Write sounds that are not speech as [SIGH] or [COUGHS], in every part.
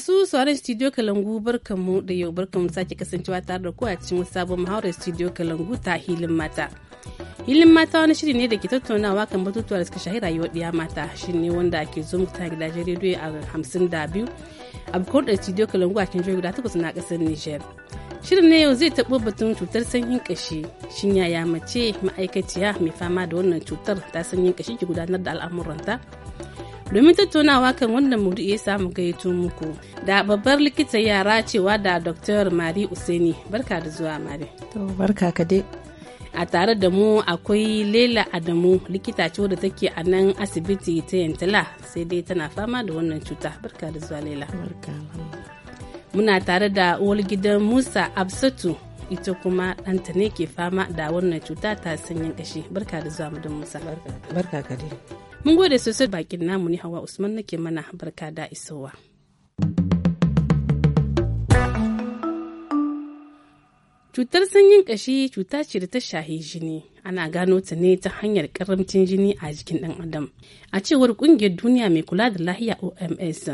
Masu sauran studio Kalangu barkanmu da yau barkanmu sake kasancewa tare da ku a cikin sabon mahaurar studio Kalangu ta hilin mata. Hilin mata wani shiri ne da ke tattaunawa kan batutuwa da suka shahi rayuwar ɗiya mata shi ne wanda ake zo muku ta gidaje rediyo a hamsin da biyu a da studio Kalangu a cikin jihohi guda takwas na ƙasar Niger. Shirin ne yau zai taɓo batun cutar sanyin ƙashi shin yaya mace ma'aikaciya mai fama da wannan cutar ta sanyin ƙashi ke gudanar da al'amuranta domin tattaunawa kan wannan muri ya samu gayyato muku da babbar likitan yara cewa da Dr. Mari Useni barka da zuwa Mari. To barka ka dai. a tare da mu akwai lela adamu likita ce wadda take a nan asibiti ta yantala sai dai tana fama da wannan cuta barka da zuwa lela muna tare da uwar gidan musa absatu ita kuma ɗanta ne ke fama da wannan cuta ta sanyin kashi barka da zuwa mudan musa barka ka mun gode sosai bakin namu ni hawa usman nake mana barka da isowa cutar sanyin kashi cuta ce da ta shahi jini ana gano ta ne ta hanyar karamcin jini a jikin dan adam a cewar kungiyar duniya mai kula da lahiya oms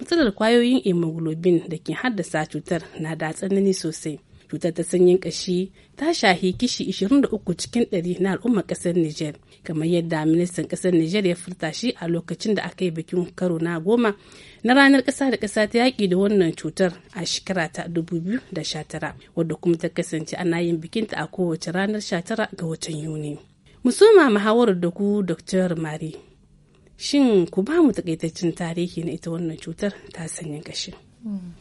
matsalar kwayoyin hemoglobin da ke haddasa cutar na da tsanani sosai cutar ta sanyin kashi ta shahi kishi 23 cikin 100 na al'ummar kasar Nijar kamar yadda ministan kasar Nijar ya furta shi a lokacin da aka yi bikin karo na goma na ranar kasa da kasa ta yaƙi da wannan cutar a shekara ta 2019 wadda kuma ta kasance ana yin bikinta a kowace ranar 19 ga watan Yuni. Musoma muhawarar da ku Dr. Mari. Shin ku ba mu takaitaccen tarihi na ita wannan cutar ta sanyin kashin.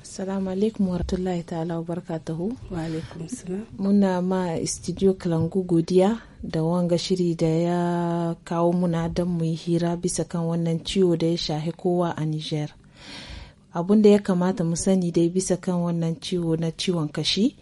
Assalamu alaikum rahmatullahi ta'ala barakatuhu. Wa alaikum salam. Muna ma studio Kalangu godiya da wanga shiri da ya kawo muna don mu hira bisa kan wannan ciwo da ya shahi kowa a Niger. Abun da ya kamata mu sani dai bisa kan wannan ciwo na ciwon kashi,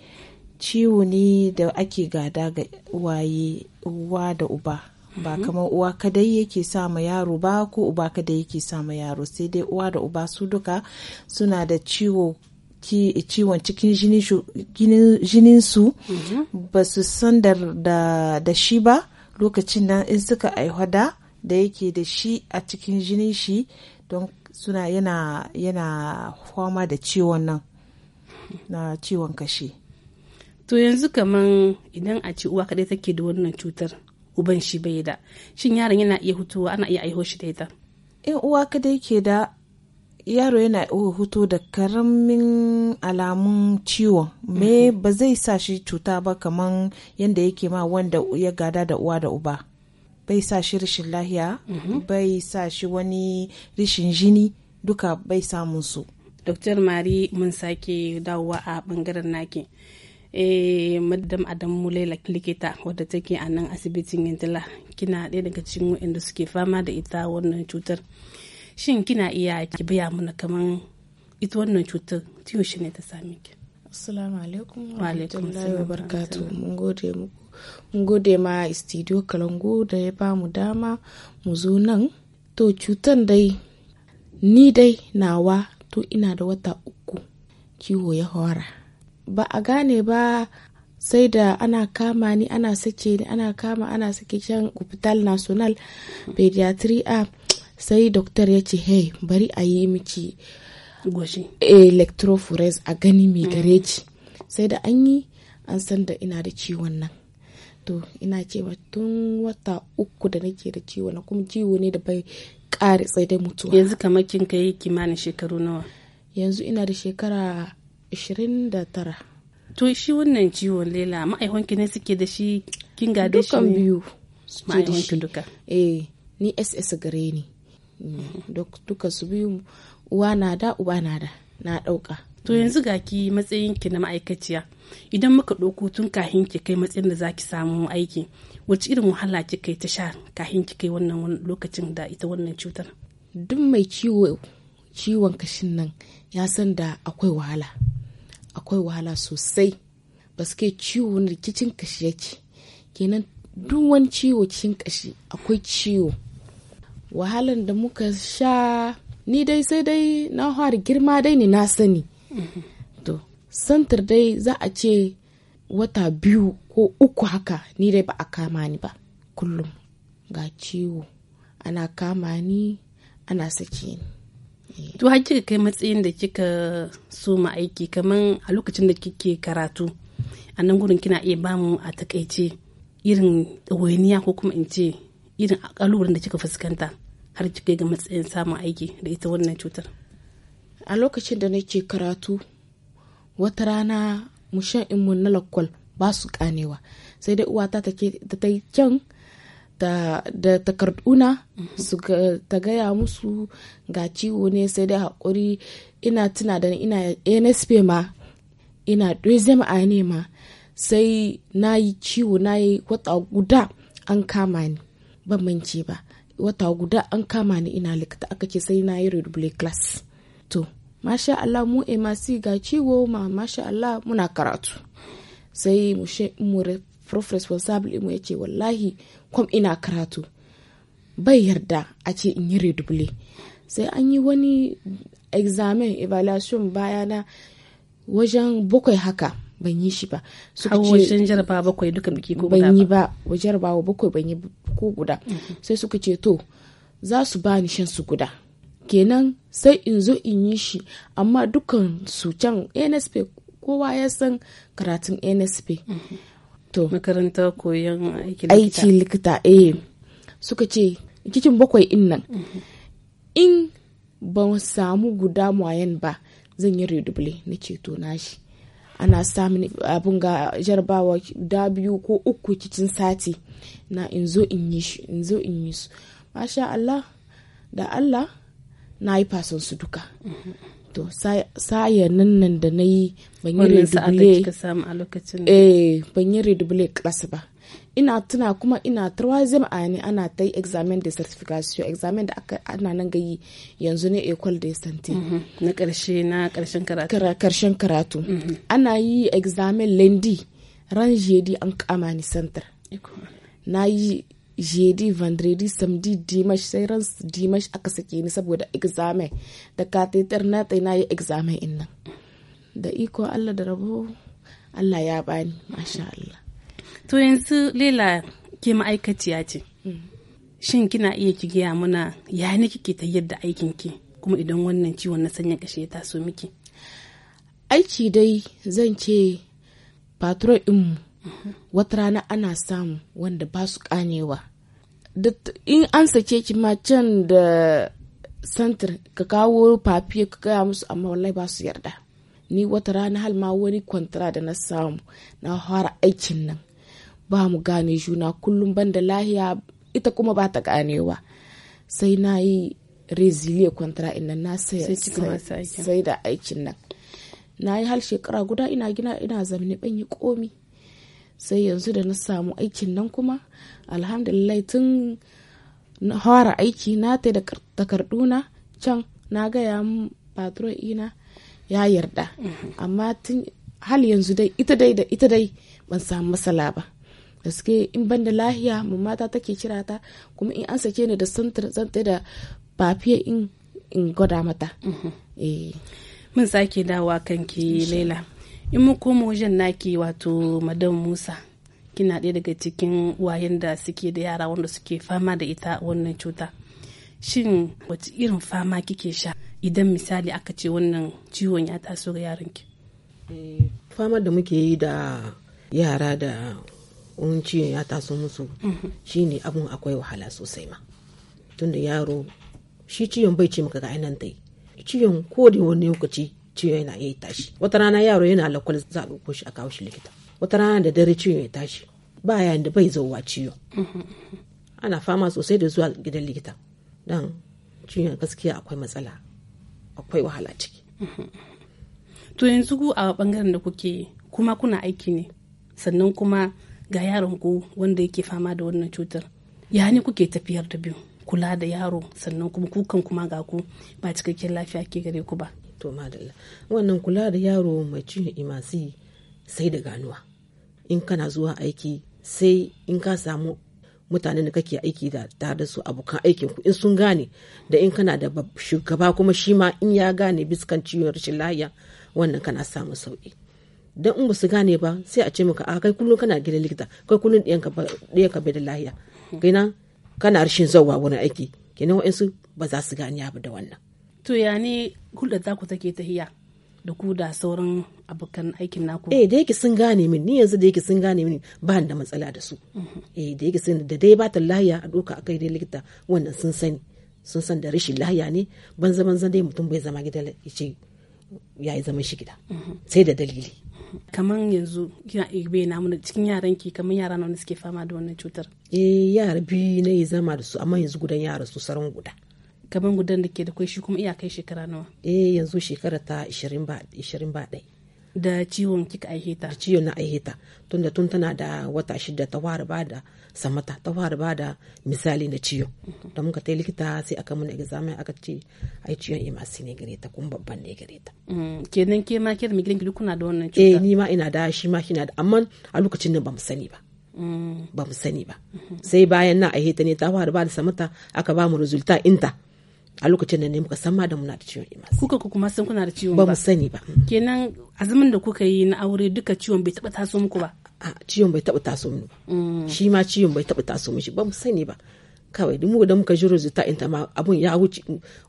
ciwo ne da ake gada ga waye uwa da uba. ba mhm. kamar uwa kadai yake sa ma yaro ba ko uba kadai yake sa ma yaro sai dai uwa da uba su duka suna da ciwo ciwon cikin jinin su mhm. ba su san da shi ba lokacin nan in suka aihwada da yake da shi a cikin jinin shi don suna yana yana fama da ciwon nan na ciwon kashi to yanzu kaman idan a ci uwa kadai take da wannan cutar uban shi bai da shin yaron yana iya hutuwa ana iya aiho shi da in uwa ka ke da yaro yana iya hutu da karamin alamun ciwon me mhm. ba zai sa shi cuta ba kaman yadda yake ma wanda ya gada da uwa da uba bai sa shi rashin lahiya mhm. bai sa shi wani rashin jini duka bai samun su Dr. Mari mun sake dawowa a bangaren naki. E, madam adam mulela likita wadda take a nan asibitin yantila kina ɗaya daga cikin wa'inda suke fama da ita wannan cutar shin kina iya ki baya mana kaman ita wannan cutar tiyo shi ne ta sami ki assalamu alaikum wa rahmatullahi wa barakatuh mun gode muku mun gode ma studio kalangu da ya ba mu dama mu zo nan to cutan dai ni dai nawa to ina da wata uku kiwo ya hora ba a gane ba sai da ana kama ni ana sake ni ana kama ana sake can hospital national pediatry a sai doktor ya ce hey bari a yi miki electrophores a gani mai mm. gare sai da an yi an san da ina da ciwon nan to ina ce tun wata uku da nake da ciwo na kuma ciwo ne da bai kare tsaye da mutuwa yanzu kamar kin kai kimanin shekaru nawa yanzu ina da shekara 29 to shi wannan ciwon lela ma'aikonki ne suke da shi kin gade shi biyu ma'aikonki duka eh ni ss gare ni mm-hmm. duka su biyu uwa na da uba na da na dauka to yanzu ga ki matsayin ki na ma'aikaciya idan muka ɗauko tun kahin ki kai matsayin da zaki samu aiki wacce irin wahala ki kai ta sha kahin ki kai wannan lokacin da ita wannan cutar duk mai ciwo ciwon kashin nan ya san da akwai wahala akwai wahala sosai ba ke ciwo na rikicin kashi yake kenan duk wani ciwo cikin kashi akwai ciwo wahalan da muka sha ni dai sai dai na fara girma dai ne na sani to santar dai za a ce wata biyu ko uku haka ni dai ba a kama ni ba kullum ga ciwo ana kama ni ana sake ni to har kika kai matsayin da kika so ma aiki kamar a lokacin da kike karatu a nan gudun kina iya bamu a takaice irin ɗawainiya ko kuma in ce irin ƙalubalen da kika fuskanta har kika ga matsayin samun aiki da ita wannan cutar a lokacin da nake karatu wata rana mushan mu na lakwal ba su kanewa sai dai uwata ta ta yi kyan Da da takarduna mhm. su ta gaya musu ga ciwo ne sai dai haƙuri ina tuna da ina nsp ma ina a ne ma sai na yi ciwo na yi wata guda an kama ni ban mance ba wata guda an kama ni ina likita aka ce sai na yi redouble class to masha Allah mu e ga ciwo ma masha Allah muna karatu sai mu she mu ya responsable mu ce wallahi kwam ina karatu bai yarda a ce in yi redouble sai an yi wani examen evaluation bayana wajen bakwai haka ban yi shi ba suka ce wajen jarba bakwai duka biki ko ban yi ba wajen jarba bakwai ban yi ko guda mm-hmm. sai suka ce to za su ba ni shan su guda kenan sai in zo in yi shi amma dukkan su can nsp kowa ya san karatun nsp mm -hmm. to makarantar koyon aiki likita eh suka ce kicin bakwai in nan mm-hmm. in ban samu guda mayan ba zan yi redouble na ceto nashi ana samun abun ga jarabawa da biyu ko uku kicin sati na in zo in yi zo in yi su masha Allah da Allah na yi fason su duka mm-hmm. to sayanin nan da na yi ban yi redouble eh class ba ina tuna kuma ina troisième année ana ta yi examen de certification examen da aka ana nan ga yi yanzu ne école de santé mhm. na karshe na karshen karatu karshen karatu mhm. ana yi examen lundi ran jeudi an kama ni center na yi jeudi vendredi samedi dimash sai ran dimash aka sake ni saboda examen da katetar na tsaye na yi examen in nan da iko allah da rabo allah ya bani masha allah to yanzu lela ke ma'aikaciya ce mm. shin kina iya ki gaya muna ya ni kike ta yadda aikin ki kuma idan wannan ciwon na sanya kashe ya taso miki aiki dai zan ce patron mu. wata rana ana samu wanda ba su kanewa in an sake ki ma can da santir ka kawo papiye ka gaya musu amma wallahi ba su yarda ni wata rana hal ma wani kwantara da na samu na fara aikin nan ba mu gane juna kullum ban da lahiya ita kuma ba ta ganewa sai na yi rezilie kwantara inda na sai da aikin nan na yi hal shekara guda ina gina ina zamani banyi yi komi sai yanzu da na samu aikin nan kuma alhamdulillah tun fara aiki na ta da takarduna can na gaya patron ina ya yarda amma tun hal yanzu dai ita dai da ita dai ban samu matsala ba gaske in ban da lahiya mata take kira ta kuma in an sake ni da santar zanta da bafiya in in gwada mata mhm. eh. mun sake dawa kanki laila in mu koma wajen naki wato madam musa kina ɗaya daga cikin wayan da suke da yara wanda suke fama da ita wannan cuta shin wace irin fama kike sha idan misali aka ce wannan ciwon ya taso ga yaranki eh, fama da muke yi da yara da wani ciwon ya taso musu mhm. shine abun akwai wahala sosai ma tunda yaro shi ciwon bai ce maka ga ainihin tai ciwon ko wani lokaci ciwo yana iya tashi wata rana yaro yana lakwal za a ɗauko shi a kawo shi likita wata rana da dare ciwo ya tashi ba yayin da bai zauwa ciwo mm-hmm. ana fama sosai da zuwa gidan likita don ciwo gaskiya akwai matsala akwai wahala ciki mm-hmm. to yanzu ku a bangaren da kuke kuma kuna aiki ne sannan kuma ga yaron ku wanda yake fama da wannan cutar ya ne kuke tafiyar da biyu kula da yaro sannan kuma kukan kuma ga ku ba cikakken lafiya ke gare ku ba to madalla wannan kula da yaro mai ciwon imasi sai da ganuwa in kana zuwa aiki sai in ka samu mutane da kake aiki da tare da su abokan aikin ku in sun gane da in kana da shugaba kuma shi ma in ya gane biskan ciwon rashin lahiya wannan kana samu sauki dan in ba su gane ba sai a ce maka a kai kullum kana gidan likita kai kullum ɗayan ka bai da lahiya kenan kana rashin zauwa wani aiki kenan wa'insu ba za su gane ba da wannan to ya ne hulɗar ku take hiya da ku da sauran abokan aikin naku eh da yake sun gane min ni yanzu da yake sun gane min ba da matsala da su mhm. eh da yake sun da dai ba ta lahiya a doka akai dai likita wannan sun sani sun san da rashin lahiya ne ban zaman zan dai mutum bai zama gida ya ce ya zaman shi gida mhm. sai da dalili mhm. kaman yanzu kina igbe na mun cikin yaran ki kaman yara nawa suke fama da wannan cutar eh yara biyu ne zama da su amma yanzu gudan yara su saran guda kamar gudan da ke da kwai shi kuma iya kai shekara nawa eh yanzu shekara ta 20 ba ɗai da ciwon kika aiheta da ciwon na aiheta tunda tun tana da wata shida ta fara ba da samata ta fara ba da misali na ciwo da muka ta likita sai aka mana examen aka ce ai ciwon emasi ne gare ta kuma babban ne gare ta mm, kenan ke ma ke da migilin gidi kuna da wannan cuta eh ni ma ina da shi ma kina da amma a lokacin nan ba mu sani ba mm. ba mu sani ba sai bayan na aiheta ne ta fara ba da samata aka ba mu resulta inta a lokacin da ne muka san ma da muna da ciwon imas kuka ku kuma san kuna da ciwon ba Ba mu sani ba kenan azumin da kuka yi na aure duka ciwon bai taɓa taso muku ba a ciwon bai taɓa taso mu ba mm. shi ma ciwon bai taɓa taso shi ba mu sani ba kawai duk da muka ji resulta in ta ma abun ya wuce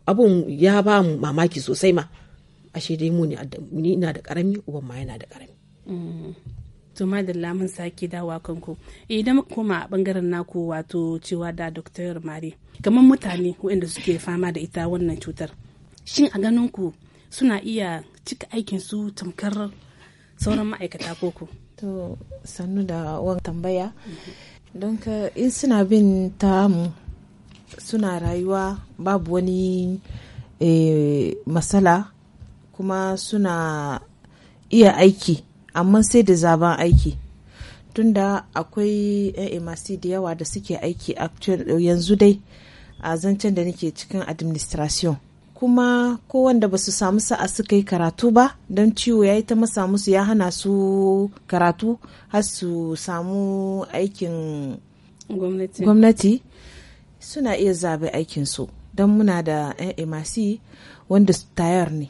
abun ya ba mu mamaki sosai ma ashe dai mu ne ni ina da karami uban ma yana da karami mm. to da mun sake dawa kanku eh, idan muka koma a bangaren naku wato cewa da dr mari kamar mutane waɗanda suke fama da ita wannan cutar shin a ganin ku suna iya cika aikin su tamkar sauran ma'aikata koko to sannu da wani tambaya don ka in suna bin tamu suna rayuwa babu wani eh, matsala kuma suna iya aiki amma sai da zaben aiki tunda akwai emasi da yawa da suke aiki yanzu dai a zancen da nake cikin administration kuma ko wanda ba su samu sa'a suka yi karatu ba don ciwo ya yi ta masa musu ya hana su karatu har su samu aikin gwamnati suna iya zaɓe aikinsu don muna da 'yan emasi wanda tayar ne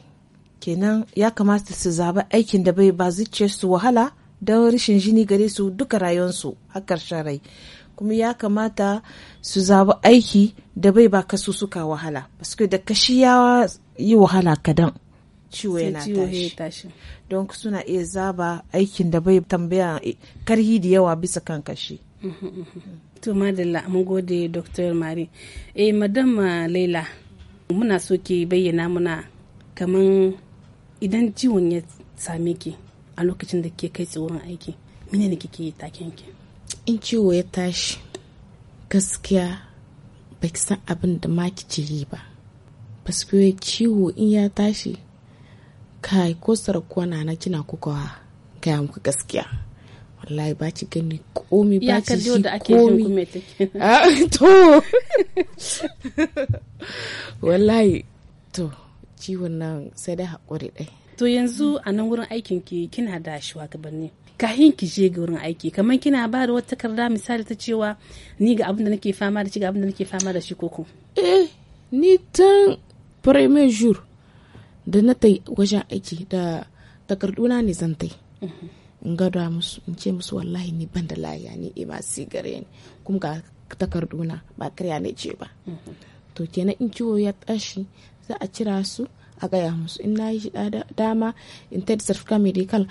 kenan ya kamata su zaba aikin da bai ba zuciyar su wahala don rashin jini gare su duka rayuwarsu har ƙarshen rai kuma ya kamata su zaba aiki da bai ba kasu suka wahala basu da kashi ya yi wahala kadan ciwo yana tashi don suna iya zaba aikin da bai tambaya eh, karhi da yawa bisa kan kashi [LAUGHS] to madalla eh, ah, laila muna so ki bayyana muna kaman idan ciwon ya same ki a lokacin da ke kai tsoron aiki mine ne kike yi taken ki in ciwo ya tashi gaskiya ba ki san abin da ma kice yi ba paskiyo ciwo in ya tashi kai ko sarakuwa na na kina kukawa gaya muku gaskiya wallahi ba ci gani komi ba ci shi komi ah, [LAUGHS] to [LAUGHS] wallahi to ciwon nan sai dai haƙuri ɗai. To yanzu a nan wurin aikin ki kina da shugabanni. Kahin ki je ga wurin aiki kamar kina ba da wata takarda misali ta cewa ni ga abin da nake fama da shi ga abin da nake fama da shi koko. Eh ni tun premier jour da na ta wajen aiki da takarduna ne zan tai. Mhm. In gada musu in ce musu wallahi ni ban da laya ni ima sigare ni kuma ga takarduna ba karya ne ce ba. Mhm. To kenan in ciwo ya tashi za a cira su a gaya musu in na yi shi dama in ta certificate medical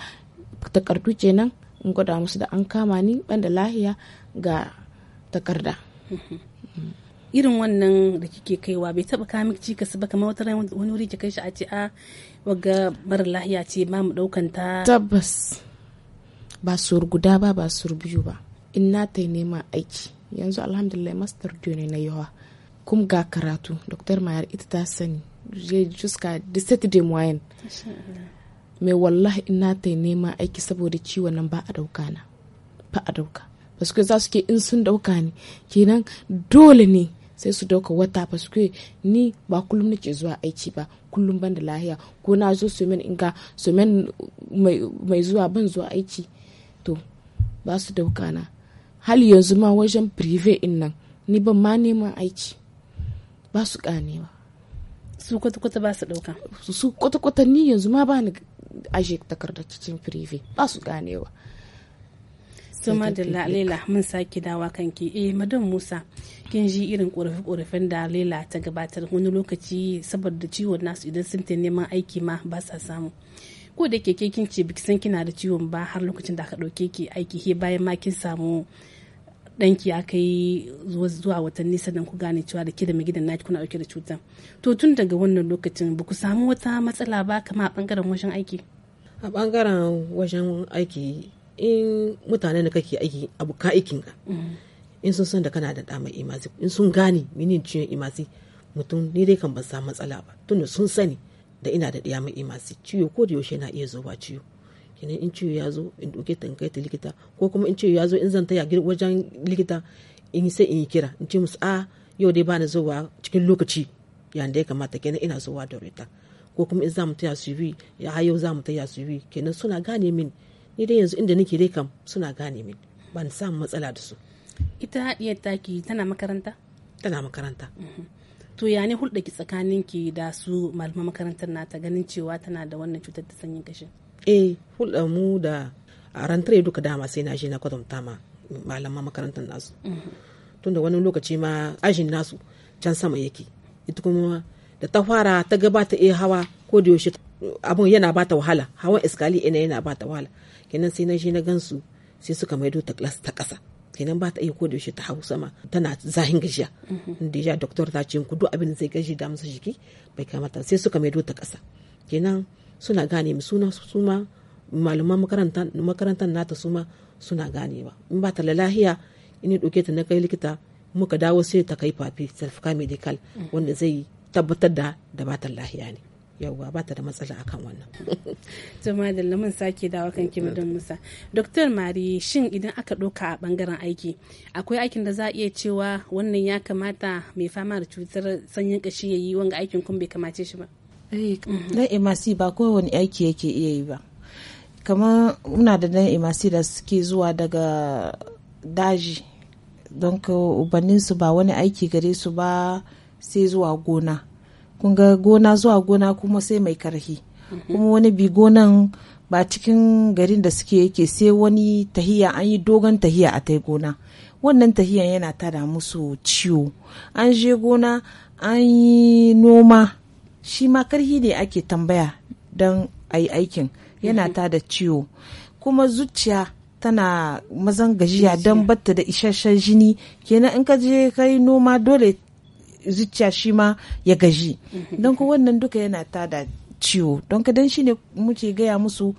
takardu kenan in gwada musu da an kama ni ban da lahiya ga takarda mm-hmm. irin wannan da kike kaiwa bai taba kawo cikas ba kamar wata wani wuri ki kai shi a ce a ah, waga mara lahiya ce ba mu daukan ta tabbas ba sur guda ba ba sur biyu ba in na ta nema aiki yanzu alhamdulillah master duniya na yawa Kum ga karatu dr mayar ita ta sani je juska 17 de moyen mais wallahi ina ta nema aiki saboda ciwon nan ba a dauka na ba a dauka que za su ke in sun dauka ni kenan dole ne sai su dauka wata que ni ba kullum nake zuwa aiki ba kullum ban da lahiya ko na zo su in inga su men mai zuwa ban zuwa aiki to ba su dauka na hali yanzu ma wajen prive in nan ni ban ma neman aiki ba su ganewa su kwata-kwata ba su ɗauka su kwata-kwata ni yanzu ma ba ni aje takardar cikin prive ba su ganewa su madalla lela mun sake dawa kanki eh Madam musa kin ji irin korafe-korafen da lela ta gabatar wani lokaci saboda ciwon nasu idan sun ta neman aiki ma ba sa samu ko da ke kin ce biki san kina da ciwon ba har lokacin da aka ɗauke ki aiki he bayan ma kin samu danki ya kai zuwa watanni sannan ku gane cewa da ke da magidan naki kuna dauke da cutar to tun daga wannan lokacin ba ku samu wata matsala ba kama a bangaren wajen aiki a bangaren wajen aiki in mutane da kake aiki abokan aikin ka mm. in sun san da kana da dama imasi in sun gane minin ciwon imasi mutum ni dai kan ban samu matsala ba tunda sun sani da ina da diyama imasi ciwo ko da yaushe na iya zuwa ciwo kenan in ciwo ya zo in ɗauke ta in kai ta likita ko kuma in ciwo ya zo in zan taya wajen likita in sai in yi kira in ce musu a ah, yau dai bani zuwa cikin lokaci yayin da ya kamata kenan ina zuwa da rita ko kuma in za mu taya su bi ya yau za mu taya su bi kenan suna gane min ni dai yanzu inda nake dai kam suna gane min ban samu matsala da su ita haɗiyar taki tana makaranta tana makaranta mhm. to ya ne hulɗa ki tsakaninki da su malaman makarantar na ta ganin cewa tana da wannan cutar ta sanyin kashin eh hulɗa mu da a rantare duka dama sai na shi na kwatanta ma malaman makarantar nasu mhm. tunda wani lokaci ma ajin nasu can sama yake ita kuma da ta fara ta gabata eh, hawa ko da yaushe abun yana bata wahala hawan iskali ina yana bata wahala kenan sai na shi na gansu sai suka maido ta klas ta kasa kenan ba ta iya ko da yaushe ta hau sama tana zahin gajiya mhm. inda ya doktor ta ce ku duk abin zai gaji da masa jiki bai kamata sai suka maido ta kasa kenan suna gane mu suna su ma malaman makarantar nata su ma suna ba in ba ta lahiya in ya ta na kai likita muka dawo sai ta kai fafi certificate medical wanda zai tabbatar da da ba ta lahiya ne yawwa ba ta da matsala akan wannan. [LAUGHS] to madalla mun sake dawo kan ki madan musa doktor mari shin idan aka doka a bangaren aiki akwai aikin da za a iya cewa wannan ya kamata mai fama da cutar sanyin kashi ya yi wanga aikin kun bai kamace shi ba. Eh, mhm. dan emasi ba kowane aiki yake iya yi ba kamar muna da dan emasi da suke zuwa daga daji don su ba wani aiki gare su ba sai zuwa gona kun gona zuwa gona kuma sai mai karhi mhm. kuma wani bi gonan ba cikin garin da suke yake sai wani tahiya an yi dogon tahiya a tai gona wannan tahiyan yana tada musu ciwo an je gona an yi noma shi ma karhi ne ake tambaya don a yi aikin yana mhm. ta da ciwo kuma zuciya tana mazan gajiya don batta da isasshen jini kenan in ka je kai noma dole zuciya shi ma ya gaji mhm. don ku wannan duka yana ta da ciwo don ka don shi ne muke gaya musu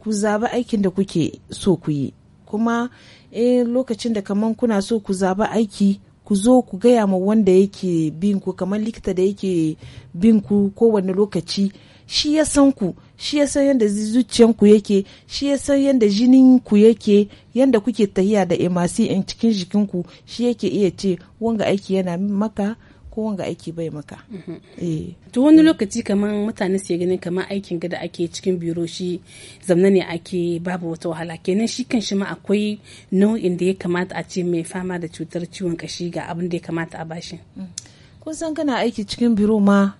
ku zaba aikin da kuke so ku yi kuma eh lokacin da kaman kuna so ku zaba aiki ku zo ku gaya ma wanda yake bin ku kamar likita da yake bin ku kowane lokaci shi ya san ku shi ya san yadda zuciyanku yake shi ya san yadda jinin ku yake yadda kuke tahiya da emasi in cikin jikinku shi yake iya ce wanga aiki yana maka ko wanga aiki bai maka mhm. eh. to wani lokaci kaman mutane su ganin kaman aikin gada ake cikin biro shi zamna ne ake babu wata wahala kenan shi kan shi ma akwai nau'in da ya kamata a ce mai fama da cutar ciwon kashi ga abin da ya kamata a bashi mm. kun san kana aiki cikin biro ma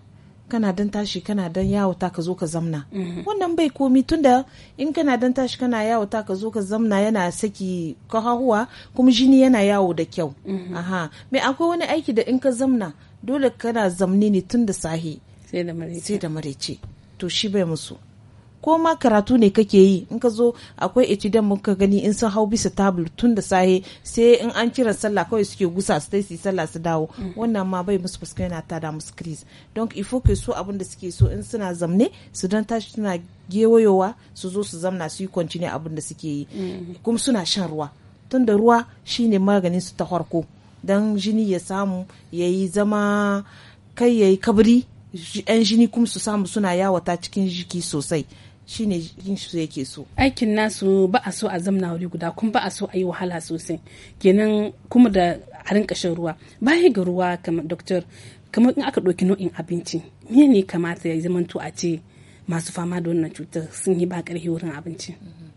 kana dan tashi kana dan yawo ta ka zo ka zamna mhm. wannan bai komi tunda in kana dan tashi kana yawo ta ka zo ka zamna yana saki hahuwa kuma jini yana yawo da kyau mhm. aha me akwai wani aiki da in ka zamna dole kana zamne ne tun sahi sai da marece to shi bai musu ko ma karatu ne kake yi in ka zo akwai etudiant mun ka gani in sun hau bisa tabul tun da sahe sai in an kiran sallah kawai suke gusa su tai su sallah su dawo mm. wannan ma bai musu fuska yana tada musu crise donc il faut que so abin da suke so in suna zamne su dan tashi suna gewayowa su zo su zamna su yi continue abin da suke yi mm. kuma suna shan ruwa tun da ruwa shine maganin su ta farko dan jini ya samu yayi zama kai yayi kabri yan jini kuma su samu suna yawata cikin jiki sosai shine yin su yake so aikin nasu ba a so a zamna wuri guda kuma ba a so a yi wahala sosai kenan kuma da harin kashin ruwa baya ga ruwa kamar doktor kamar in aka ɗauki nau'in abinci me ne kamata ya zamanto a ce masu fama da wannan cutar sun yi ba ƙarfi wurin abinci mm-hmm.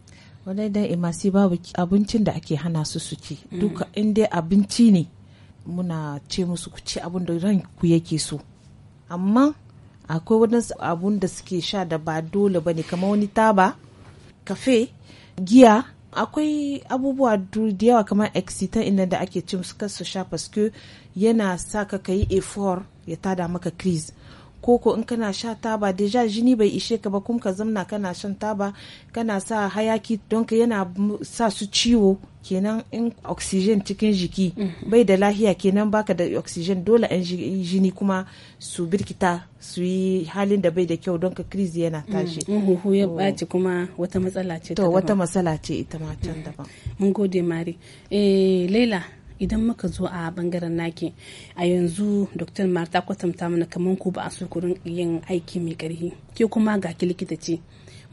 wadai da imasi babu abincin da ake hana su su ci mm. duka in dai abinci ne muna ce musu ku ci abin da ranku yake so amma akwai wadansu abun da suke sha da ba dole ba ne kamar wani taba kafe giya akwai abubuwa da yawa kamar excitant inda da ake cin su sha paske yana sa ka kayi effort ya tada maka crise koko in kana sha taba deja jini bai ishe ka ba kuma ka zamna kana shan taba kana sa hayaki don ka yana sa su ciwo kenan in oxygen cikin jiki mhm. bai da lahiya kenan baka da oxygen dole an jini kuma su birkita su yi halin da bai da kyau don ka krizi yana mm, tashi in huhu ya baci oh. kuma wata matsala ce to wata matsala ce ita ma can mm. daban mun gode mari eh laila idan muka zo a bangaren naki a yanzu dr marta kwatanta mana kamar ku ba a so yin aiki mai karfi ke kuma ga ki likita ce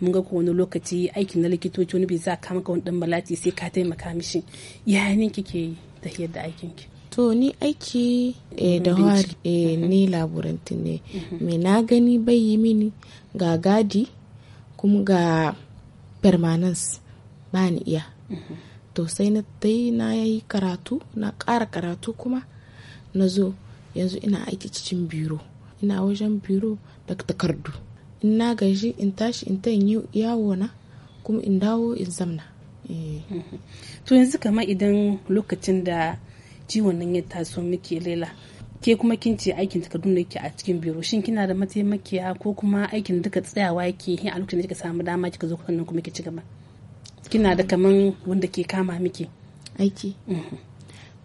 mun ga wani lokaci aiki na likitoci wani bai za ka maka wani dan balati sai ka taimaka mishi yaya ne kike yi tafiyar da aikin ki to ni aiki eh, da hari eh, mm-hmm. ni laburanti ne mai mm-hmm. na gani bai yi mini ga gadi kuma ga permanence ba ni iya mm-hmm. to sai na dai na yi karatu na ƙara karatu kuma na zo yanzu ina aiki cikin biro ina wajen biro da takardu in na gaji in tashi in ta yi yawo na kuma in dawo in zamna eh. [LAUGHS] to yanzu kama idan lokacin da ciwon nan ya taso muke lela ke kuma kin ce aikin takardu ne ke a cikin biro shin kina da mataimakiya ko kuma aikin duka tsayawa yake a lokacin da kika samu dama kika zo kuma kika ci gaba kina da kaman wanda ke kama miki aiki mhm.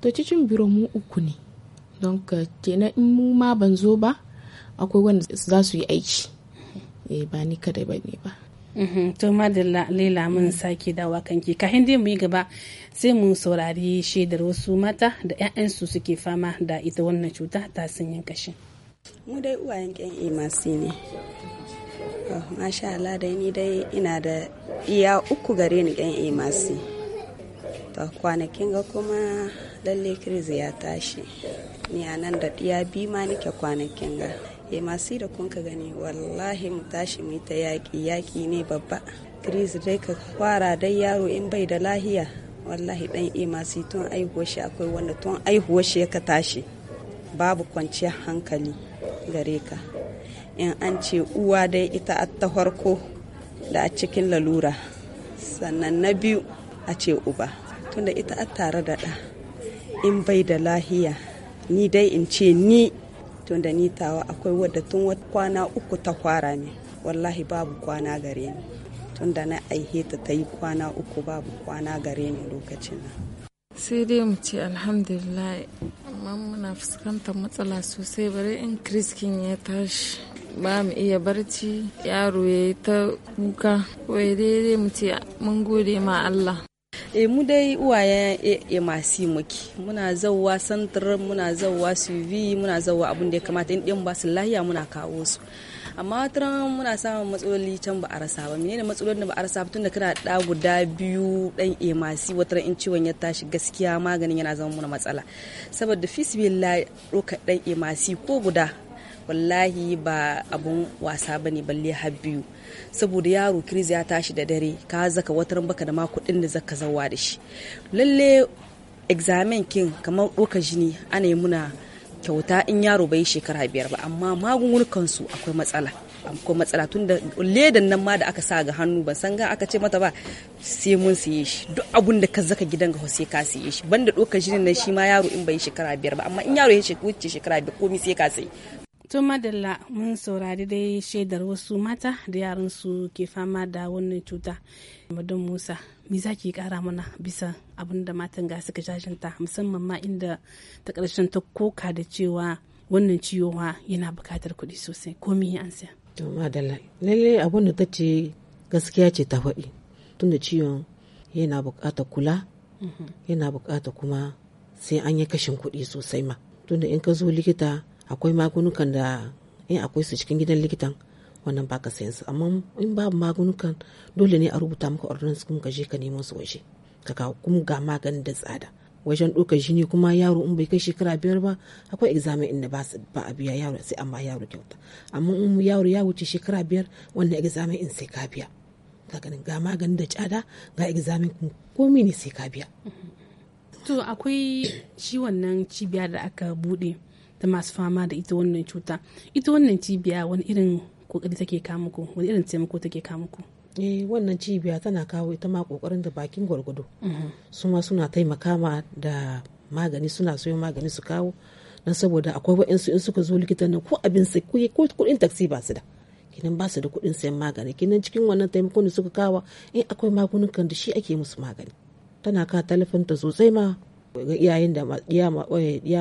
to cikin biro mu uku ne don kenan in mu ma ban zo ba akwai wanda za su yi aiki eh ba ni kada ba ne ba mhm. to madalla lela mun mm. sake dawa kanki ka dai mu yi gaba sai mu saurari shaidar wasu mata da 'ya'yansu suke fama da ita wannan cuta ta sanyin kashin mu dai uwayen ƙyan masu ne Oh, masha da ni dai ina da iya uku gare ni yan emasi ta kwanakin ga kuma lalle kirzi ya tashi ni a nan da iya bi ma nike kwanakin ga masu da kun ka gani wallahi mu tashi mu ta yaƙi yaƙi ne babba krizi dai ka fara dai yaro in bai da lahiya wallahi dan masu tun aihuwar shi akwai wanda tun aihuwar shi ya ka tashi babu kwanciyar hankali gare ka in an ce uwa dai ita ta farko da a cikin lalura sannan na biyu a ce uba tunda ita a tare da ɗa in bai da lahiya ni dai in ce ni tunda ni tawa akwai wadda tun kwana uku ta kwara ne wallahi babu kwana gare ni tunda na aihe ta ta yi kwana uku babu kwana gare ni lokacin nan sai dai mu ce alhamdulillah amma muna fuskantar matsala sosai bari in kiriskin ya tashi ba mu iya barci yaro ya yi ta kuka wai daidai mu ce mun gode ma Allah e mu dai uwaye e masu muke muna zauwa santar muna zauwa suvi muna zauwa abin da ya kamata in ɗin ba su lahiya muna kawo su amma wata muna samun matsaloli can ba a rasa ba menene matsalolin da ba a rasa ba tunda kana da guda biyu dan emasi wata in ciwon ya tashi gaskiya maganin yana zama mana matsala saboda fisbillah roka dan emasi ko guda wallahi ba abun wasa ba ne balle har biyu saboda yaro kiriz ya tashi da dare ka zaka watar baka da ma kuɗin da zaka zawa da shi lalle examen kin kamar ɗaukar jini ana yi muna kyauta in yaro bai shekara biyar ba amma magungunan su akwai matsala akwai matsala tun da ledan nan ma da aka sa ga hannu ban san ga aka ce mata ba sai mun siye shi duk abun da ka zaka gidan ga sai ka siye shi banda dokar jinin nan shi ma yaro in bai shekara biyar ba amma in yaro ya wuce shekara biyar komai sai ka sai tun madalla mun saurari dai shaidar wasu mata da yaran ke fama da wannan cuta madan musa me za ki kara mana bisa abin da matan ga suka jajinta musamman ma inda ta karshen ta koka da cewa wannan ciwowa yana bukatar kuɗi sosai ko me an siya to madalla lalle abin da ta ce gaskiya ce ta faɗi da ciwon yana buƙatar kula mhm. yana buƙatar kuma sai an yi kashin kuɗi sosai ma tunda in ka zo likita akwai magunukan da in akwai su cikin gidan likitan wannan baka sayan su amma in babu magunukan dole ne a rubuta maka ordinance kuma ka je ka nemo su waje ka ga kuma ga maganin da tsada wajen ɗaukar jini kuma yaro in bai kai shekara biyar ba akwai examen inda ba a biya yaro sai amma yaro kyauta amma in yaro ya wuce shekara biyar wannan examen in sai ka biya ka ganin ga maganin da tsada ga examen kuma komi ne sai ka biya to akwai shi wannan cibiya da aka bude ta masu fama da ita wannan cuta ita wannan cibiya wani irin kokari take kama ku wani irin taimako take kama ku eh wannan cibiya tana kawo ita ma kokarin da bakin gwargwado mm-hmm. su ma suna taimaka ma da magani suna soyo magani su kawo na saboda akwai waɗansu in suka zo likitan nan ko abin sai ko kudin taksi ba su da kinan ba su da kudin sayan magani kinan cikin wannan taimakon da suka kawo in akwai magunukan da shi ake musu magani tana ka talafin ta sosai ma iyayen da ya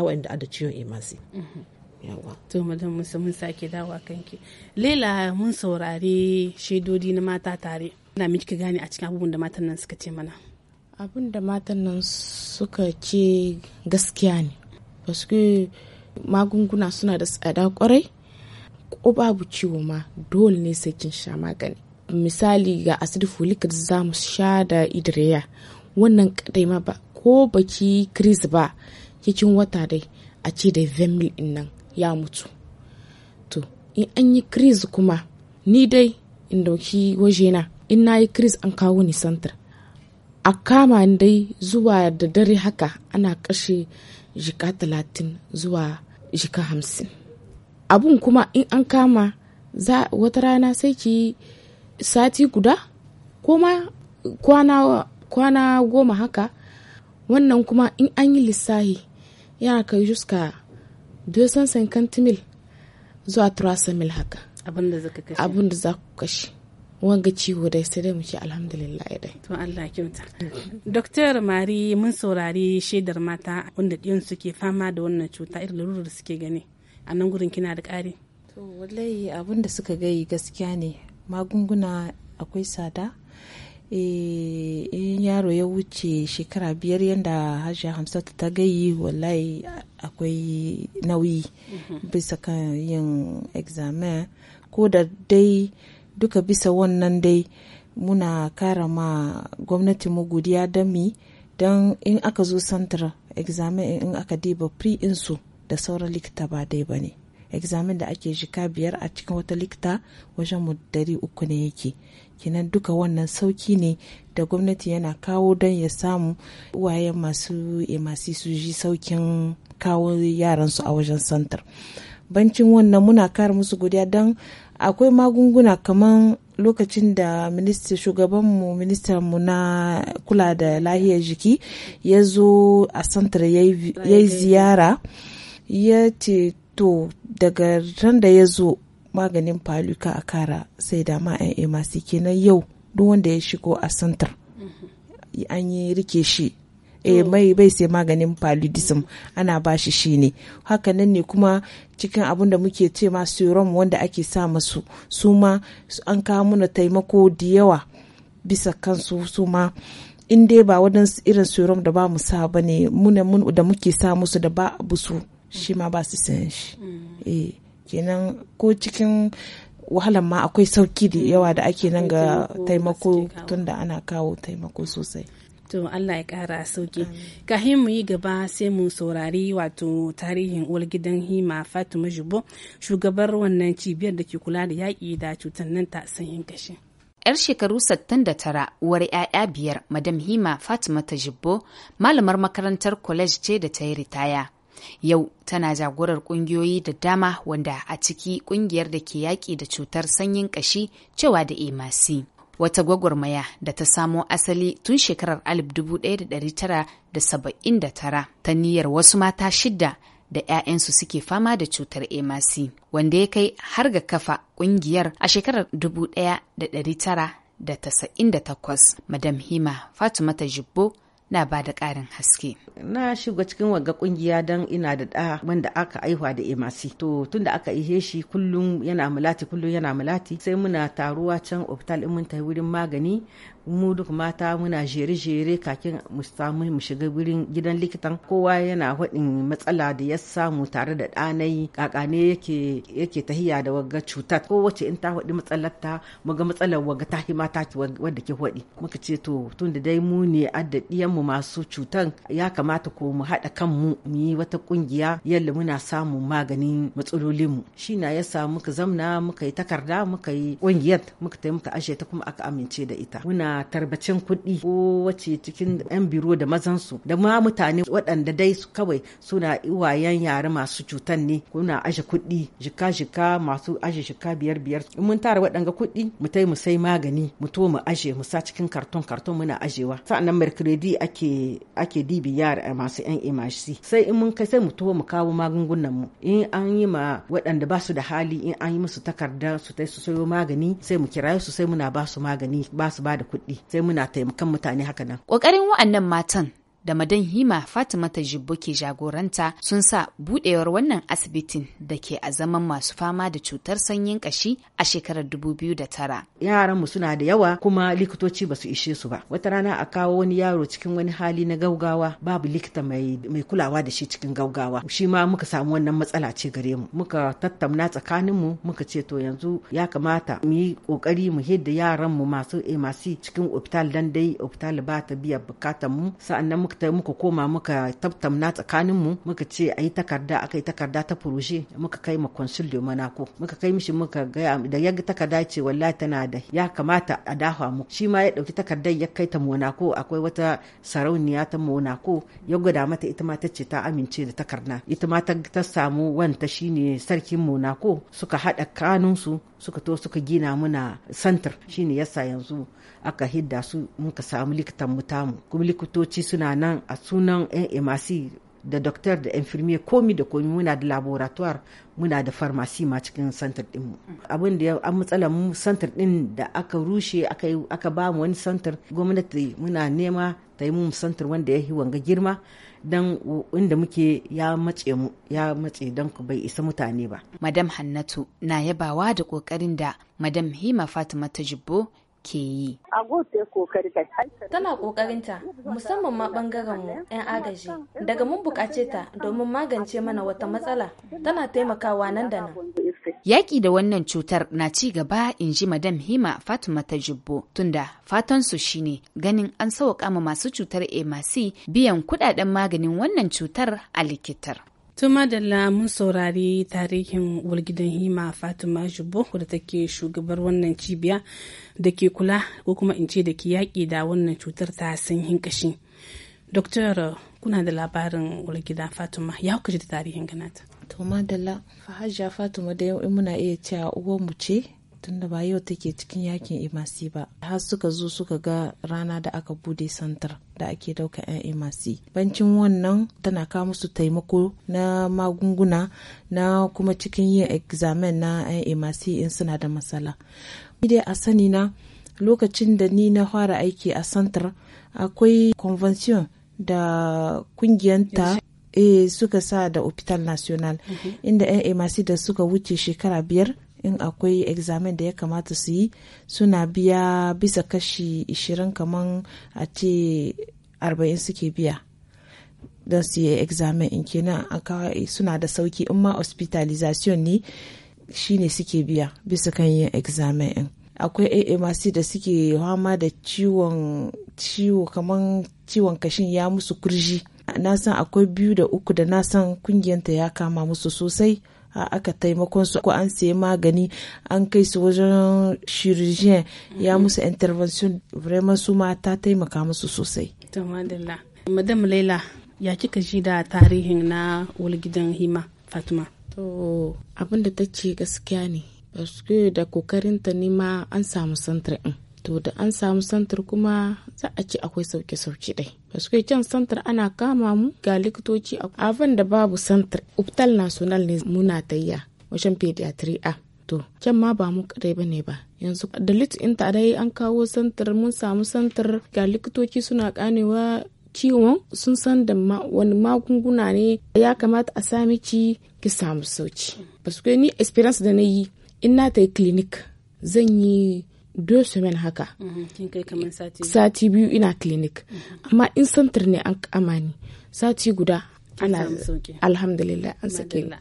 wa'anda da ciwon emasi mhm. yawa to madan musa mun sake dawa kanki lela mun saurari shaidodi na mata tare na miki gane a cikin abubuwan da matan nan suka ce mana abin da matan nan suka ce gaskiya ne basu magunguna suna da tsada kwarai ko babu ciwo ma dole ne sai kin sha magani misali ga acid folic za mu sha da idriya wannan kadai ma ba ko baki chris ba cikin wata dai a ce da vemil in nan ya mutu to in an yi kiris kuma ni dai in dauki na. in na yi kiris an kawo ni santar a kama dai zuwa da dare haka ana kashe jika talatin zuwa jika hamsin abun kuma in an kama za wata rana sai ki sati guda kuma kwana goma haka wannan kuma in an yi lissahi yana kai juska 250 mil zuwa 300 mil haka abin da za ku kashe wanga ciwo dai sai dai mu ce alhamdulillah dai to Allah kyauta doktor mari mun saurari shaidar mata wanda ɗiyan suke fama da wannan cuta irin lura da suke gani a nan gurin kina da ƙari to wallahi abin suka gai gaskiya ne magunguna akwai tsada eh in yaro ya wuce shekara biyar yadda hajji hamsatu ta gayi wallahi akwai nauyi mhm. bisa kan yin examen ko da dai duka bisa wannan dai muna kara ma gwamnati mu godiya dami don in aka zo santar examen in aka diba pre insu da sauran likita ba dai ba ne examen da ake jika biyar a cikin wata likita wajen mu dari uku ne yake kinan duka wannan sauki ne da gwamnati yana kawo don ya samu uwaye masu emasi eh, su ji saukin kawo yaransu a wajen santar bancin wannan muna kara musu godiya don akwai magunguna kamar lokacin da minista shugabanmu mu na kula da lahiyar jiki ya zo a santar ya yi ziyara ya ce to daga ran da ya zo maganin faluka a kara sai da ma masu kenan yau duk wanda ya shigo a santar an yi rike shi eh mai bai sai maganin paludism ana ba shi shi ne hakanan ne kuma cikin abin da muke ce ma serum wanda ake sa masu su ma an kawo muna taimako da yawa bisa kansu su ma in dai ba wadansu irin serum da ba mu sa ba ne da muke sa musu da ba abu su shi ma ba su san shi mm. eh kenan ko cikin wahalar ma akwai sauki da yawa da ake nan ga taimako tunda ana kawo taimako sosai to Allah ya kara sauki kafin mu yi gaba sai mu saurari wato tarihin uwar gidan hima fatima jubo shugabar wannan cibiyar da ke kula da yaƙi da cutar nan ta sanyin kashi yar shekaru 69 uwar 'ya'ya biyar madam hima fatima ta jibbo malamar makarantar college ce da ta yi ritaya Yau tana jagorar kungiyoyi da dama wanda a ciki kungiyar da ke yaƙi da cutar sanyin ƙashi cewa da emasi. wata gwagwarmaya da ta samo asali tun shekarar 1979 ta niyyar wasu mata shidda da 'ya'yansu suke fama da cutar emasi wanda ya kai har ga kafa kungiyar a shekarar da 98 madam hima ta jibbo na ba da ƙarin haske. Na shiga cikin wagga kungiya don ina da ɗa wanda aka aihuwa da emasi. To tun da aka ihe shi kullum yana mulati kullum yana mulati sai muna taruwa can ofital in mun tafi wurin magani mu duk mata muna jere-jere kakin mu samu mu shiga wurin gidan likitan kowa yana faɗin matsala da ya samu tare da ɗanai kakane yake yake tahiya da wagga cutar kowace in ta waɗi matsalar ta muga matsalar wagga ta ma ta wadda ke waɗi. muka ce to tun da dai mu ne adda mu masu cutan ya kamata ko mu haɗa kan mu yi wata ƙungiya yalla muna samun maganin matsalolinmu shi na ya sa muka zamna muka yi takarda muka yi ƙungiyar muka taimaka ashe ta kuma aka amince da ita muna tarbacin kuɗi ko wace cikin 'yan biro da mazansu da ma mutane waɗanda dai kawai suna iwayen yare masu cutan ne kuna aje kuɗi jika jika masu aje jika biyar biyar in mun tara waɗanga kuɗi mu tai mu sai magani mu to mu aje mu sa cikin karton karton muna ajewa sa'annan mercredi ake ake dibi yara eh, masu yan imashi sai in mun kai sai mu to mu kawo magungunan mu in an yi ma waɗanda ba su da hali in an yi musu takarda su tai su sayo magani sai mu kiraye su sai muna ba su magani ba su ba da kuɗi kuɗi sai muna taimakan mutane haka nan. Ƙoƙarin wa'annan matan da madan hima fatima ta jibbo ke jagoranta sun sa budewar wannan asibitin da ke a zaman masu fama da cutar sanyin kashi a shekarar 2009 yaran mu suna da yawa kuma likitoci basu ishe su ba wata rana a kawo wani yaro cikin wani hali na gaugawa babu likita mai, kulawa da shi cikin gaugawa shi ma muka samu wannan matsala ce gare mu muka tattauna tsakanin mu muka ce to yanzu ya kamata mu yi kokari mu hidda yaran mu masu cikin opital dan dai opital ba ta biya bukatan mu sa'annan muka muka ta muka koma muka tabtamna tsakanin mu muka ce ayi takarda akai takarda ta furoje muka kai ma consul de Monaco muka kai mishi muka ga da yaga takarda ce wallahi tana da ya kamata a dafa mu shi ma ya dauki takardar ya kai ta Monaco akwai wata sarauniya ta Monaco ya gwada mata ita ma ta ce ta amince da takarda ita ma ta samu wanta shine sarkin Monaco suka hada kanunsu suka to suka gina muna santir shine yasa yanzu aka hidda su muka samu likitan mu kuma likitoci suna nan a sunan yan emasi da doktor da infirmiya komi da komi muna da laboratoire muna da farmasi ma cikin santar dinmu abin da an matsala mu santar din da aka rushe aka ba mu wani santar gwamnati muna nema ta yi mu santar wanda ya yi wanga girma don inda muke ya matse mu ya matse don ku bai isa mutane ba madam hannatu na yabawa da kokarin da madam hima fatima ta jibbo ke yi. Tana ƙoƙarinta musamman ma mu 'yan agaji daga mun buƙace ta domin magance mana wata matsala tana taimakawa nan da nan. Yaƙi da wannan cutar na ci gaba in ji Madam Hima Fatima ta Jibbo tunda fatansu shine ganin an sauƙa ma masu cutar emasi biyan kuɗaɗen maganin wannan cutar a likitar. Tuma da mun saurari tarihin walgidan hima Fatima Jubo da take shugabar wannan cibiya da ke kula ko kuma in ce da ke yaƙi da wannan cutar ta sanyin ƙashi Doktor kuna da labarin walgida Fatima ya kuka da tarihin ganata. da madalla Fahajiya Fatima da yau in muna iya cewa mu ce tunda ba yau take cikin yakin imasi ba har suka zo suka ga rana da aka bude santar da ake dauka 'yan imasi bancin wannan tana kawo musu taimako na magunguna na kuma cikin yin examen na 'yan imasi in suna da matsala dai a sani na lokacin da ni na fara aiki a santar akwai convention da kungiyanta e eh, suka sa da hospital national mhm. inda yan imasi da suka wuce shekara biyar in akwai examen da ya kamata su yi suna biya bisa kashi 20 kaman a ce 40 suke biya don su yi examen in kenan eh, suna da sauki in ma hospitalization ne shine suke biya bisa kan yin examen in akwai a.m.c da suke hama da ciwon ciwo kaman ciwon kashin ya musu kurji na san akwai biyu da uku da na san kungiyanta ya kama musu sosai aka taimakon su ko an sayi magani an kai su wajen chirurgien ya mhm. musu intervention vraiment su ma ta taimaka musu sosai madam laila ya kika ji da tarihin na gidan hima fatima to abin ta ce gaskiya ne da kokarinta ne ma an samu santra to da an samu santar kuma za a ce akwai sauke-sauke dai. ba su can santar ana kama mu ga likitoci A abin da babu santar uptal national ne muna tayya wajen pediatry a to can ma ba mu kadai ba ne ba yanzu da in ta dai an kawo santar mun samu santar ga likitoci suna kanewa ciwon sun san da wani magunguna ne ya kamata a sami ci ki samu sauci. Basu ni experience da na yi in na ta yi clinic zan yi deux semaines haka mhm, sati biyu ina clinic mhm. amma in santar ne an amani sati guda ana alhamdulillah an sake ni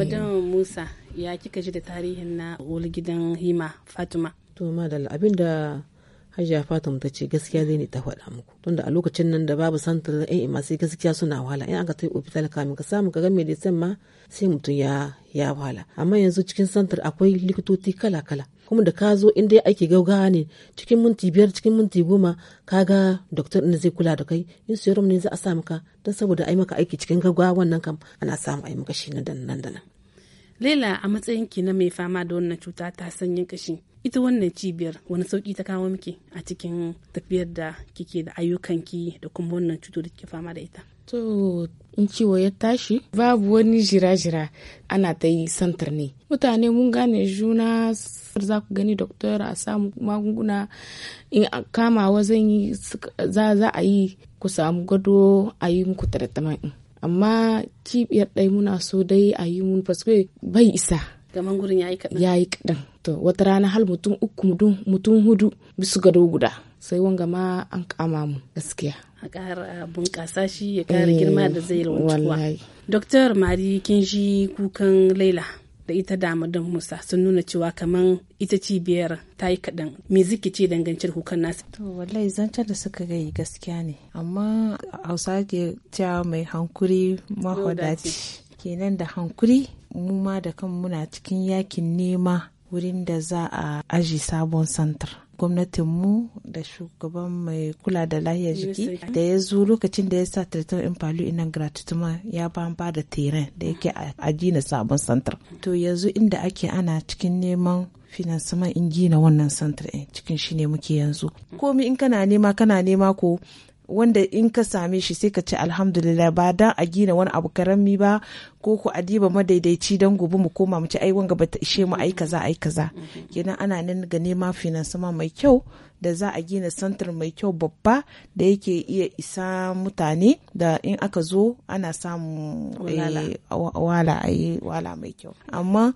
eh. musa ya kika ji da tarihin na wani gidan hima fatima to da abinda hajiya fatima ta ce gaskiya zai ne ta faɗa muku tunda a lokacin nan da babu santar da ma sai gaskiya suna wahala in aka ta yi ofital kamin ka samu ka ga medicine ma sai mutum ya ya wahala amma yanzu cikin santar akwai likitoci kala kala kuma da ka zo inda aiki gaugawa ne cikin minti biyar cikin minti goma ka ga doktor ɗin zai kula da kai in serum ne za a sa maka don saboda ai maka aiki cikin gaugawa wannan kam ana samu ai maka shi na dan nan da nan. Laila a matsayin ki na mai fama da wannan cuta ta sanyin kashi ita wannan cibiyar wani sauki ta kawo miki a cikin tafiyar da kike da ayyukanki da kuma wannan cutar da kike fama da ita. To in ciwo ya tashi babu wani jira-jira ana ta yi santar ne mutane mun gane juna za ku gani doktor a samu magunguna in kama wazan yi za a yi ku samu gado a yi muku taratama amma cibiyar ɗai muna so dai a yi mun paske bai isa gaman gurin ya yi kaɗan to wata rana hal mutum uku mutum hudu bisu gado guda sai wanga ma an kama mu gaskiya a kara bunƙasa shi ya ƙara girma da zai eh, launcewa Dr. Mari Kinshi kukan Laila da ita don Musa sun nuna cewa kamar ita cibiyar ta yi kaɗan me ziki ce dangancin kukan nasu. To wallahi zancen da suka gai gaskiya ne amma hausa ke cewa mai hankuri mahaudaci kenan da hankuri mu ma da kan muna cikin yakin nema wurin da za a aji sabon santar. gwamnatinmu da shugaban mai kula da lahiyar jiki da ya zo lokacin da ya sa tattalin impalu inan gratituma ya ba ba da teren da yake a gina sabon santar to yanzu inda ake ana cikin neman finansaman in gina wannan santar cikin shi ne muke yanzu komi in kana nema kana nema ko wanda in ka same shi sai ka ce alhamdulillah ba dan a gina wani abu karami ba ko ku adiba madaidaici don gobe mu koma mu ci ai wanga bata ishe mu ai kaza ai kaza kenan ana nan ga nema finansama mai kyau da za a gina santar mai kyau babba da yake iya isa mutane da in aka zo ana samun eh, wala wala mai kyau amma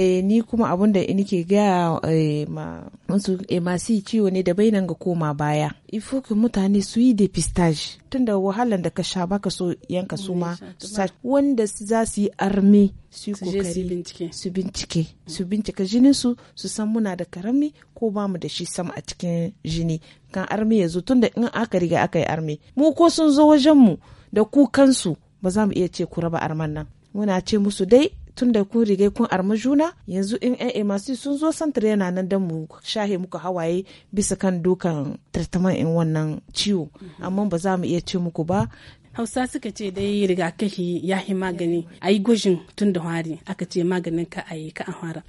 eh, ni kuma abin da nike gaya eh, masu ciwo ne da bainan ga koma baya ifo mutane su yi depistage tunda wahalan da ka sha baka so yanka su ma wanda za su yi armi su kokari su bincike su bincike jinin su su san muna da karami ko ba mu da shi sam a cikin jini kan armi ya zo tunda in aka riga aka yi armi mu ko sun zo wajen mu da kukansu ba za mu iya ce ku raba arman nan muna ce musu dai tun da kun rige kun juna yanzu in yan masu sun zo santar yana nan dan mu shahe muku hawaye bisa kan dukan tartaman in wannan ciwo amma ba za mu iya ce muku ba hausa suka ce dai rigakafi ya yi magani a yi gwajin tun da hari aka ce maganin ka a yi ka a fara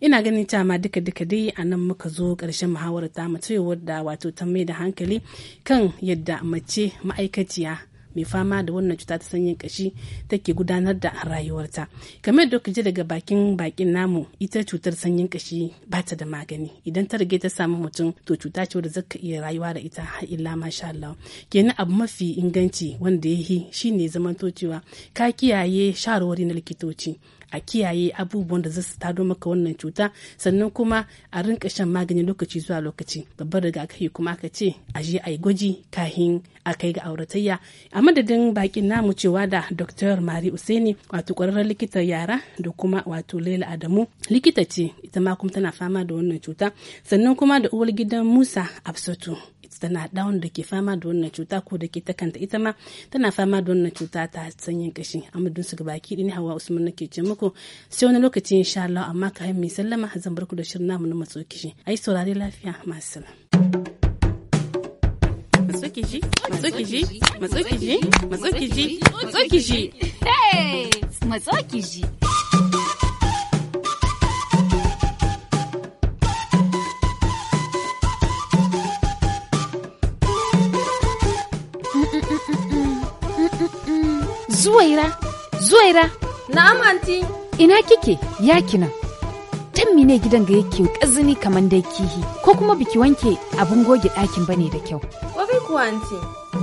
ina ganin ta ma duka duka dai a nan muka zo ƙarshen muhawarar ta mace wadda wato ta mai da hankali kan yadda mace ma'aikaciya mai fama da wannan cuta ta sanyin kashi take gudanar da rayuwarta kamar da ji daga bakin bakin namu ita cutar sanyin kashi ba ta da magani idan ta rage ta samu mutum to cuta ce wadda zaka iya rayuwa da ita har illa masha Allah kenan abu mafi inganci wanda ya yi shine zamanto cewa ka kiyaye shawarwari na likitoci a kiyaye abubuwan da zasu tado maka wannan cuta sannan kuma a rinka shan magani lokaci zuwa lokaci babbar rigakafi kuma ka ce a je a yi gwaji kahin a kai ga auratayya a madadin bakin namu cewa da dr mari useni wato kwararren likitar yara da kuma wato laila adamu likita ce ita ma kuma tana fama da wannan cuta sannan kuma da uwar gidan musa absatu tana down da ke fama da wannan cuta ko da ke takanta ita ma tana fama da wannan cuta ta sanyin kashi amudun su gabaki ne hawa usman nake ce muku sai wani lokaci insha Allah amma ka mai sallama zan barku da shirin namu na matso kishi ai saurare lafiya masu salam matsukiji matsukiji matsukiji matsukiji matsukiji matsukiji Zuwaira, Zuwaira. Na'am amanti. Ina kike? Ya kina. Tan mine gidan ga yake kazini kamar dai kihi ko kuma biki wanke abin goge ɗakin ba ne da kyau. Kwarai kuwa anti.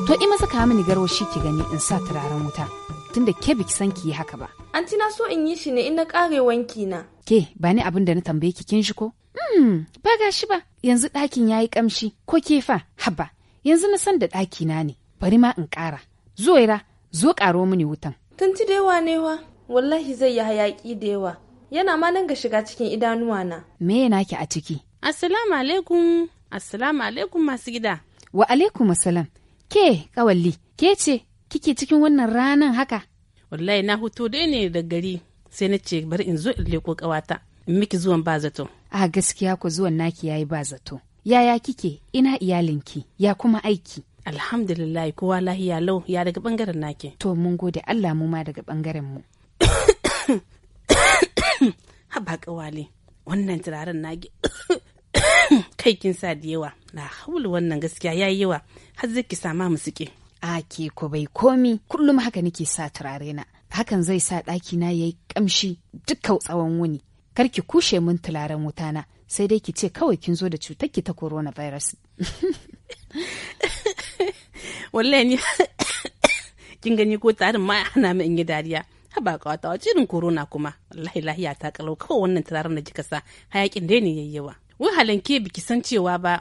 To ima masa ka mini shi ki gani in sa turaren wuta. Tunda ke biki san ki yi haka ba. Anti na so in yi shi ne in na kare wanki na. Ke ba ni abin da na tambaye ki kin shi ko? Hmm, ba ga shi ba. Yanzu ɗakin ya yi ƙamshi ko ke fa? Haba. Yanzu na san da ɗaki na ne. Bari ma in ƙara. Zuwaira, zo ƙaro mini wutan. Tunti da yawa ne wa, wallahi zai yi hayaƙi da yawa. Yana ma nan ga shiga cikin idanuwa na. Me yana ki a ciki? Assalamu alaikum, assalamu alaikum masu gida. Wa alaikum assalam. Ke kawalli, ke ce kike cikin wannan ranan haka? Wallahi na huto dai ne da gari sai na ce bari in zo in leko kawata. In miki zuwan ba zato. A gaskiya ku zuwan naki yayi ba zato. Yaya kike? Ina iyalinki? Ya kuma aiki? alhamdulillah kowa lahiya lau ya daga bangaren nake to mun gode allah mu ma daga bangaren mu [COUGHS] haba kawale wannan turaren nage [COUGHS] kai kin sa da yawa na haulu wannan gaskiya ya yi yawa har zai ki sama mu suke a ke ku bai komi kullum haka nake sa turare na hakan zai sa ɗaki na yayi kamshi dukka tsawon wuni kar ki kushe mun turaren wuta na sai dai ki ce kawai kin zo da cutar ki ta coronavirus [LAUGHS] wallahi ni [COUGHS] kin gani ko tarin ma ana mu in yi dariya haba kawata wace irin corona kuma wallahi lahiya ta kalau kawai wannan turaren na jika sa hayakin dai ne yayyawa wai halanke biki san cewa ba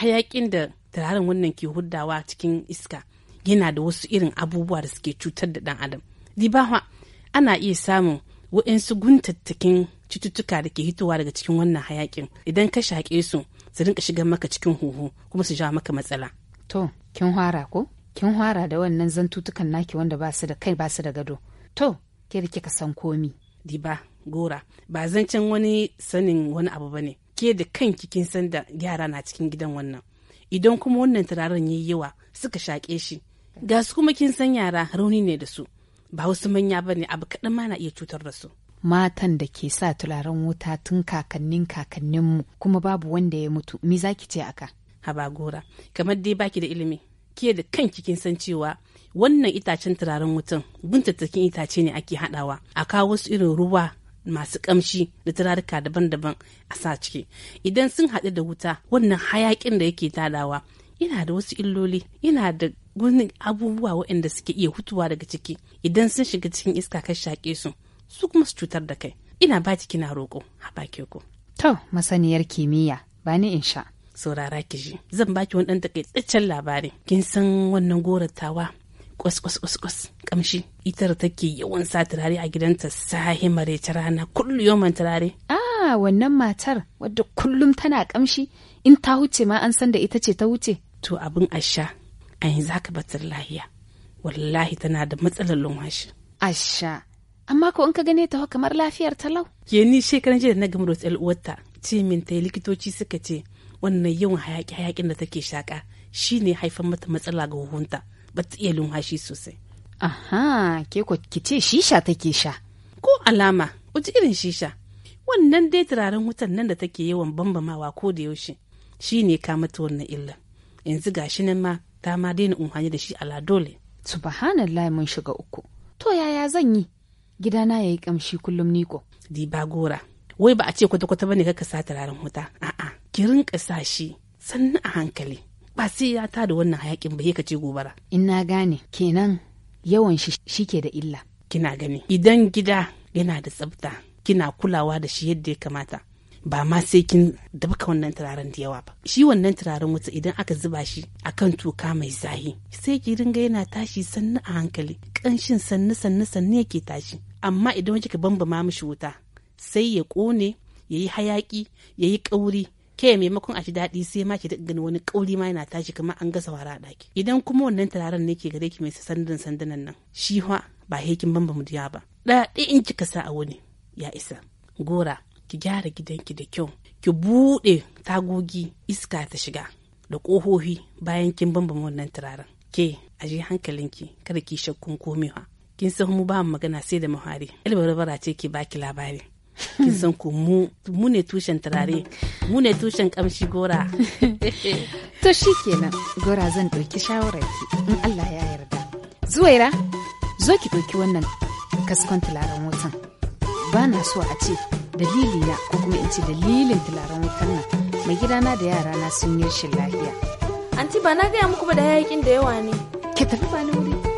hayakin da turaren wannan ke huddawa cikin iska yana da wasu irin abubuwa da suke cutar da dan adam dibawa ana iya samun waɗansu guntattakin cututtuka da ke hitowa daga cikin wannan hayakin idan ka shaƙe su su rinka shiga maka cikin huhu kuma su sha maka matsala to kin hwara ko kin hwara da wannan zantutukan naki wanda ba su da kai ba su da gado to ke da kika san komi diba gora ba zancen wani sanin wani abu ba ne ke da kanki kin san da yara na cikin gidan wannan idan kuma wannan turaren yayi yawa suka shaƙe shi ga su kuma kin san yara rauni ne da su ba wasu manya ba ne abu kaɗan ma na iya cutar da su matan da ke sa turaren wuta tun kakannin kakanninmu kuma babu wanda ya mutu me zaki ce aka gora kamar dai baki da ilimi ke da kan kikin san cewa wannan itacen turaren mutum buntattakin itace ne ake hadawa a kawo wasu irin ruwa masu kamshi da turaruka daban-daban a sa ciki idan sun haɗu da wuta wannan hayakin da yake tadawa ina da wasu illoli ina da wani abubuwa waɗanda suke iya hutuwa daga ciki idan sun shiga cikin iska ka shaƙe su su kuma su cutar da kai ina ba kina roƙo a bakin ku to masaniyar kimiyya ba ni in sha saurara ki ji zan baki wani ɗan takaitaccen labari kin san wannan goratawa kwas kwas kwas kwas kamshi Itar take yawan sa turare a gidanta sahi mare ta rana kullu yawan turare ah wannan matar wadda kullum tana kamshi in ta huce ma an san da ita ce ta huce. to abin asha a yanzu haka batar lahiya wallahi tana da matsalar lumashi asha amma ko in ka gane ta kamar lafiyar talau ke ni shekaran jiya na gama da uwarta ce min ta likitoci suka ce wannan yawan hayaki hayakin da take shaka ne haifar mata matsala ga huhunta ba ta iya lumhashi sosai aha ke ko ki shisha take sha ko alama uji irin shisha wannan dai turaren wutan nan da take yawan bambamawa ko da yaushe shine ka mata wannan illa yanzu gashi nan ma ta ma daina umhani da shi ala dole subhanallah mun shiga uku to yaya zan yi gidana yayi kamshi kullum niko di ba gora wai ba a ce kwata-kwata bane kaka sa turaren wuta a'a ki rinƙa sashi sannu a hankali ba sai ya ta da wannan hayakin ba ka ce gobara in na gane kenan yawan shi shike da illa kina gani idan gida yana da tsafta kina kulawa da shi yadda ya kamata ba ma sai kin dabka wannan turaren da yawa ba shi wannan turaren wuta idan aka zuba shi akan toka mai zahi sai ki ringa yana tashi sannu a hankali kanshin sannu sannu sannu yake tashi amma idan kika bambama mishi wuta sai ya kone ya yi hayaƙi, ya yi kauri ke maimakon a ji daɗi sai ma ki gani wani kauri ma yana tashi kamar an gasa wara a ɗaki idan kuma wannan turaren ne ke gare ki mai sandan sandanan nan shi fa ba hekin ba mu ba ɗaya in kika sa a wuni ya isa gora ki gyara gidanki da kyau ki buɗe tagogi iska ta shiga da ƙofofi bayan kin bamba wannan tararen ke a ji hankalinki kada ki shakkun komewa kin san mu ba magana sai da muhari albarbara ce ke baki labari kin san ko mu mu ne tushen turare mu ne tushen kamshi gora to shikenan gora zan ɗauki shawararki in Allah ya yarda zuwaira zo ki ɗauki wannan kaskon tularen wutan ba na so a ce dalili na ko kuma in ce dalilin tularan wutan nan mai gidana da yara na sun yi shi lafiya anti ba na gaya muku ba da hayakin da yawa ne ki tafi ba ni wuri